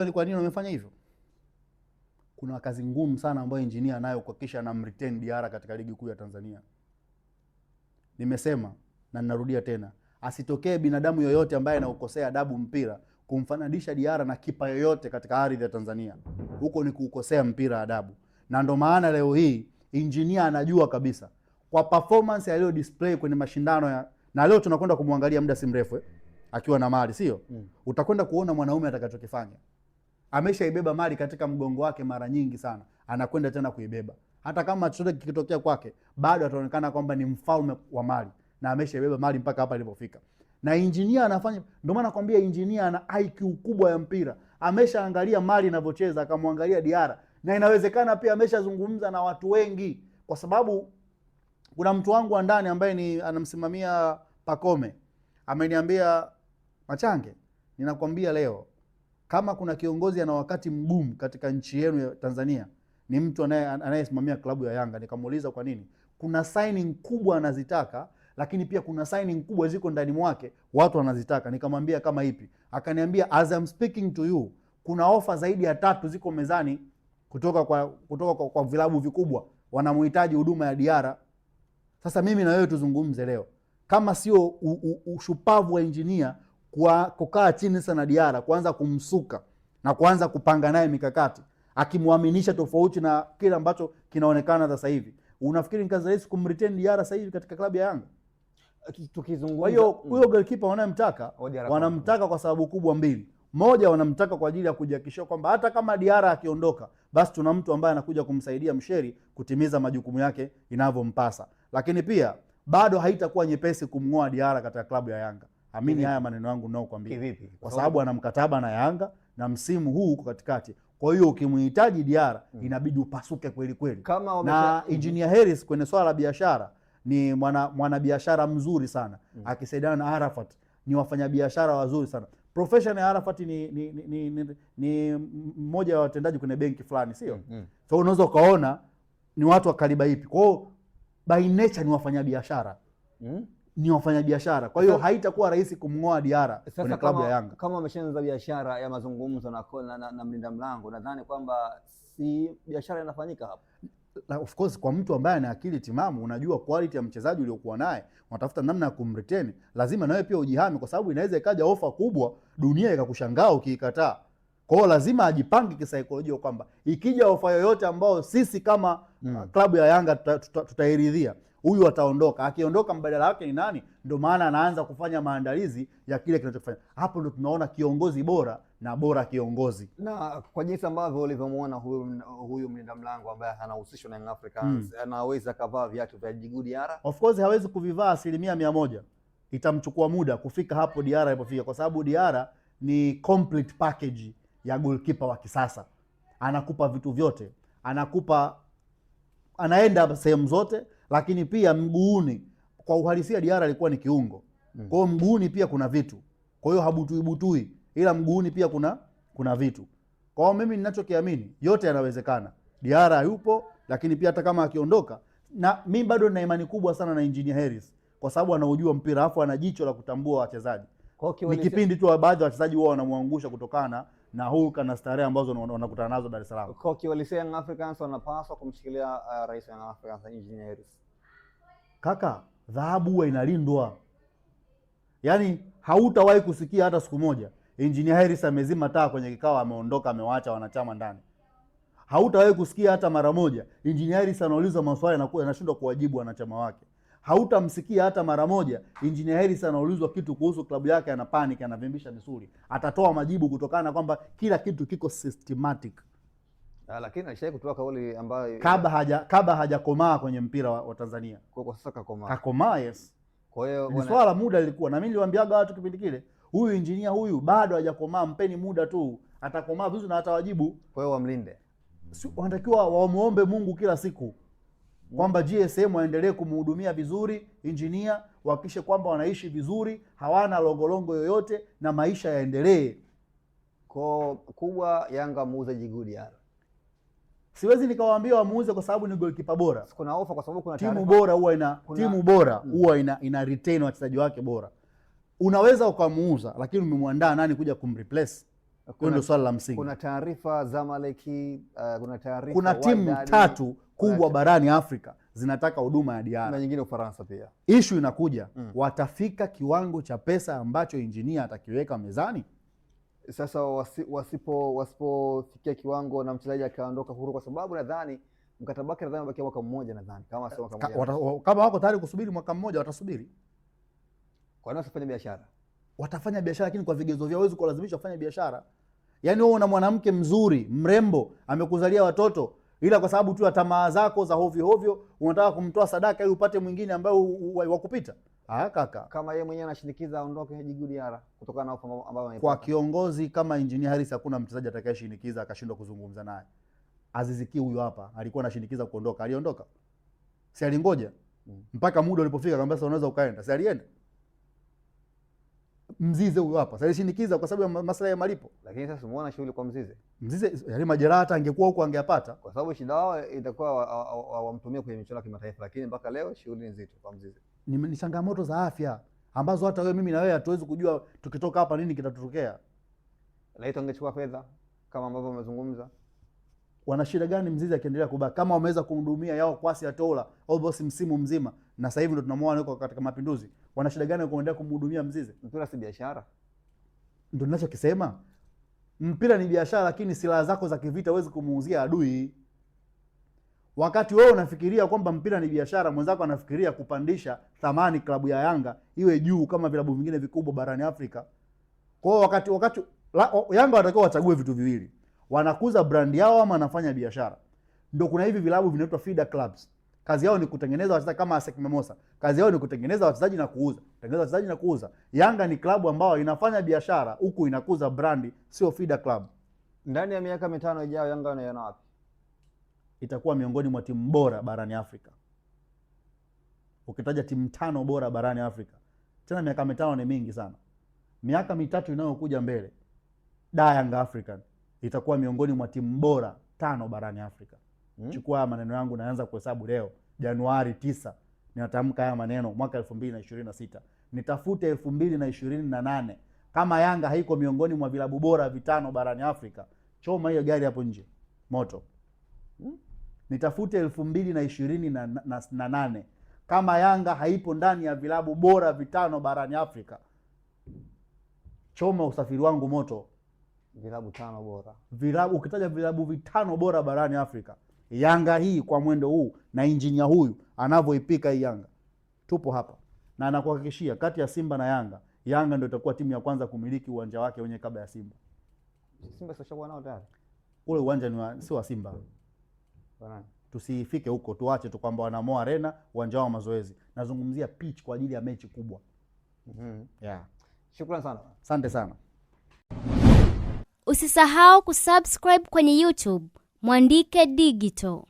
swali, Kwa nini wamefanya hivyo? Kuna kazi ngumu sana ambayo injinia anayo kuhakikisha na mretain Diarra katika ligi kuu ya Tanzania. Nimesema na ninarudia tena, asitokee binadamu yoyote ambaye anaukosea adabu mpira kumfanadisha Diarra na kipa yoyote katika ardhi ya Tanzania. Huko ni kuukosea mpira adabu, na ndo maana leo hii injinia anajua kabisa kwa performance aliyo display kwenye mashindano ya na leo tunakwenda kumwangalia muda si mrefu eh, akiwa na mali sio mm. Utakwenda kuona mwanaume atakachokifanya ameshaibeba mali katika mgongo wake mara nyingi sana, anakwenda tena kuibeba. Hata kama chochote kikitokea kwake, bado ataonekana kwamba ni mfalme wa mali na ameshaibeba mali mpaka hapa alipofika. Na injinia anafanya, ndio maana nakwambia injinia ana IQ kubwa ya mpira. Ameshaangalia mali inavyocheza, akamwangalia Diara, na inawezekana pia ameshazungumza na watu wengi, kwa sababu kuna mtu wangu wa ndani ambaye ni anamsimamia Pakome ameniambia, Machange, ninakwambia leo kama kuna kiongozi ana wakati mgumu katika nchi yenu ya Tanzania ni mtu anayesimamia klabu ya Yanga. Nikamuuliza kwa nini, kuna signing kubwa anazitaka, lakini pia kuna signing kubwa ziko ndani mwake watu wanazitaka. Nikamwambia kama ipi? Akaniambia, as I'm speaking to you, kuna ofa zaidi ya tatu ziko mezani kutoka kwa kutoka kwa, kwa vilabu vikubwa wanamhitaji huduma ya Diara. Sasa mimi na wewe tuzungumze leo, kama sio ushupavu wa injinia kwa kukaa chini sana Diara, kuanza kumsuka na kuanza kupanga naye mikakati, akimwaminisha tofauti na kile ambacho kinaonekana sasa hivi. Unafikiri ni kazi rahisi kumretain Diara sasa hivi katika klabu ya Yanga? Tukizungumza hiyo mm. huyo goalkeeper wanayemtaka wanamtaka kwa sababu kubwa mbili. Moja, wanamtaka kwa ajili ya kujihakikishia kwamba hata kama Diara akiondoka, basi tuna mtu ambaye anakuja kumsaidia Msheri kutimiza majukumu yake inavyompasa, lakini pia bado haitakuwa nyepesi kumng'oa Diara katika klabu ya Yanga amini haya maneno yangu ninayokuambia, kivipi? Kwa sababu ana mkataba na Yanga na msimu huu uko katikati. Kwa hiyo ukimhitaji Diara mm. inabidi upasuke kweli kweli na mesha... Harris kwenye swala la biashara ni mwanabiashara mwana mzuri sana mm. akisaidiana na Arafat ni wafanyabiashara wazuri sana. Profession ya Arafat ni ni, ni, ni, ni mmoja wa watendaji kwenye benki fulani, sio mm, mm So unaweza ukaona ni watu wa kaliba ipi. Kwa hiyo by nature ni wafanyabiashara mm ni wafanyabiashara, kwa hiyo haitakuwa rahisi kumng'oa Diara kwenye klabu ya Yanga. Kama ameshaanza biashara ya mazungumzo na, na, na, na mlinda mlango, nadhani kwamba si biashara inafanyika hapa. Of course kwa mtu ambaye ana akili timamu, unajua quality ya mchezaji uliokuwa naye, unatafuta namna ya kumretain. Lazima nawe pia ujihami, kwa sababu inaweza ikaja ofa kubwa dunia ikakushangaa ukiikataa. Kwa hiyo lazima ajipange kisaikolojia kwamba ikija ofa yoyote ambayo sisi kama mm. Uh, klabu ya Yanga tutairidhia tuta, tuta huyu ataondoka, akiondoka mbadala wake ni nani? Ndio maana anaanza kufanya maandalizi ya kile kinachofanya. Hapo ndo tunaona kiongozi bora na bora kiongozi, na kwa jinsi ambavyo ulivyomwona huyu huyu mlinda mlango ambaye anahusishwa na Young Africans hmm. anaweza kavaa viatu vya Djigui Diarra. Of course hawezi kuvivaa asilimia mia moja, itamchukua muda kufika hapo Diarra alipofika, kwa sababu Diarra ni complete package ya goalkeeper wa kisasa, anakupa vitu vyote, anakupa anaenda sehemu zote lakini pia mguuni, kwa uhalisia Diara alikuwa ni kiungo mm. kwa hiyo mguuni pia kuna vitu, kwa hiyo habutui butui ila mguuni pia kuna kuna vitu. Kwa hiyo mimi ninachokiamini, yote yanawezekana. Diara yupo, lakini pia hata kama akiondoka, na mimi bado nina imani kubwa sana na Engineer Harris kwa sababu anaujua mpira afu ana jicho la kutambua wachezaji. Ni kipindi tu baadhi ya wachezaji wao wanamwangusha kutokana na hulka na starehe ambazo wanakutana nazo Dar es Salaam. Kwa kiwalisia Young Africans wanapaswa kumshikilia uh, rais wa Young Africans Engineer Harris. Kaka, dhahabu huwa inalindwa, yaani hautawahi kusikia hata siku moja injinia Hersi amezima taa kwenye kikao, ameondoka, amewaacha wanachama ndani. Hautawahi kusikia hata mara moja injinia Hersi anaulizwa maswali na anashindwa kuwajibu wanachama wake. Hautamsikia hata mara moja injinia Hersi anaulizwa kitu kuhusu klabu yake, ana panic, anavimbisha misuli. Atatoa majibu kutokana na kwamba kila kitu kiko systematic. Ah, lakini alishawahi kutoa kauli ambayo kabla haja kabla hajakomaa kwenye mpira wa, Tanzania. Kwa, kwa sasa kakomaa. Kakomaa yes. Kwa hiyo ni swala muda lilikuwa na mimi niliwaambiaga watu kipindi kile, huyu injinia huyu bado hajakomaa, mpeni muda tu, atakomaa vizuri na atawajibu. Kwa hiyo wamlinde. Si wanatakiwa wamuombe Mungu kila siku kwamba GSM waendelee kumhudumia vizuri injinia, wahakikishe kwamba wanaishi vizuri, hawana longolongo yoyote na maisha yaendelee. Kwa kubwa Yanga muuze Jigudi Jigudiara siwezi nikawaambia wamuuze kwa sababu ni golikipa bora. Kuna ofa kwa sababu kuna timu bora huwa ina kuna... timu bora mm. huwa ina, ina retain wachezaji wake bora. Unaweza ukamuuza lakini umemwandaa nani kuja kumreplace? Ndio swala la msingi. Kuna taarifa Zamalek, uh, kuna taarifa kuna timu tatu kubwa barani Afrika zinataka huduma ya Diara na nyingine Ufaransa pia. Ishu inakuja mm. watafika kiwango cha pesa ambacho injinia atakiweka mezani? sasa wasipo wasipofikia kiwango na mchezaji akaondoka huru, kwa sababu nadhani mkataba wake nadhani unabakia mwaka mmoja, nadhani kama sio mwaka mmoja, kama wako tayari kusubiri mwaka mmoja, watasubiri. Kwa nini wasifanye biashara? Watafanya biashara, lakini kwa vigezo vyao. Huwezi kuwalazimisha kufanya biashara. Yaani wewe una mwanamke mzuri mrembo, amekuzalia watoto, ila kwa sababu tu ya tamaa zako za hovyo hovyo unataka kumtoa sadaka ili upate mwingine ambaye wakupita. Ah, kaka, kama yeye mwenyewe anashinikiza aondoke Djigui Diarra kutokana na ofa ambayo kwa kiongozi kama Engineer Harris hakuna mchezaji atakayeshinikiza akashindwa kuzungumza naye. Aziz Ki huyo hapa alikuwa anashinikiza kuondoka, aliondoka, si alingoja mm. mpaka muda ulipofika akamwambia sasa unaweza ukaenda, si alienda. Mzize huyu hapa alishinikiza kwa sababu ya maslahi ya malipo, lakini sasa umeona shughuli kwa Mzize. Mzize yale yaani majeraha hata angekuwa huko angeyapata, kwa sababu shida wao eh, itakuwa wamtumie kwenye michezo ya kimataifa, lakini mpaka leo shughuli nzito kwa Mzize ni, ni changamoto za afya ambazo hata wewe mimi na wewe hatuwezi kujua tukitoka hapa nini kitatutokea. Laiti fedha kama ambavyo umezungumza, wana shida gani Mzizi akiendelea kubaki kama wameweza kumhudumia yao kwasi atola au bosi msimu mzima, na sasa hivi ndo tunamuona niko katika mapinduzi, wana shida gani kuendelea kumhudumia Mzizi? Mpira si biashara, ndo ninachokisema. Mpira ni biashara, lakini silaha zako za kivita huwezi kumuuzia adui. Wakati wewe unafikiria kwamba mpira ni biashara, mwenzako anafikiria kupandisha thamani klabu ya Yanga iwe juu kama vilabu vingine vikubwa barani Afrika. Kwa wakati wakati la, o, Yanga wanatakiwa wachague vitu viwili, wanakuza brandi yao ama wanafanya biashara. Ndio kuna hivi vilabu vinaitwa feeder clubs, kazi yao ni kutengeneza wachezaji kama ASEC Mimosas, kazi yao ni kutengeneza wachezaji na kuuza, kutengeneza wachezaji na kuuza. Yanga ni klabu ambayo inafanya biashara huku inakuza brandi, sio feeder club. Ndani ya miaka mitano ijayo Yanga wanaiona wapi? itakuwa miongoni mwa timu bora barani Afrika. Ukitaja timu tano bora barani Afrika, tena miaka mitano ni mingi sana. Miaka mitatu inayokuja mbele, da African itakuwa miongoni mwa timu bora tano barani Afrika. Hmm. Chukua haya maneno yangu, naanza kuhesabu leo Januari tisa ninatamka haya maneno mwaka elfu mbili na ishirini na sita nitafute elfu mbili na ishirini na nane kama Yanga haiko miongoni mwa vilabu bora vitano barani Afrika, choma hiyo gari hapo nje moto. Hmm nitafute elfu mbili na ishirini na, na, na nane kama Yanga haipo ndani ya vilabu bora vitano barani Afrika, choma usafiri wangu moto. Vilabu tano bora, vilabu ukitaja vilabu vitano bora barani Afrika, Yanga hii kwa mwendo huu na injinia huyu anavyoipika hii Yanga, tupo hapa na anakuhakikishia kati ya Simba na Yanga, Yanga ndio itakuwa timu ya kwanza kumiliki uwanja wake wenyewe kabla ya Simba. Simba sio nao tayari, ule uwanja ni wa, si wa Simba tusiifike huko, tuache tu kwamba wanamoa arena uwanja wao mazoezi. Nazungumzia pitch kwa ajili ya mechi kubwa. mm -hmm. yeah. sana, asante sana. Usisahau kusubscribe kwenye YouTube Mwandike Digital.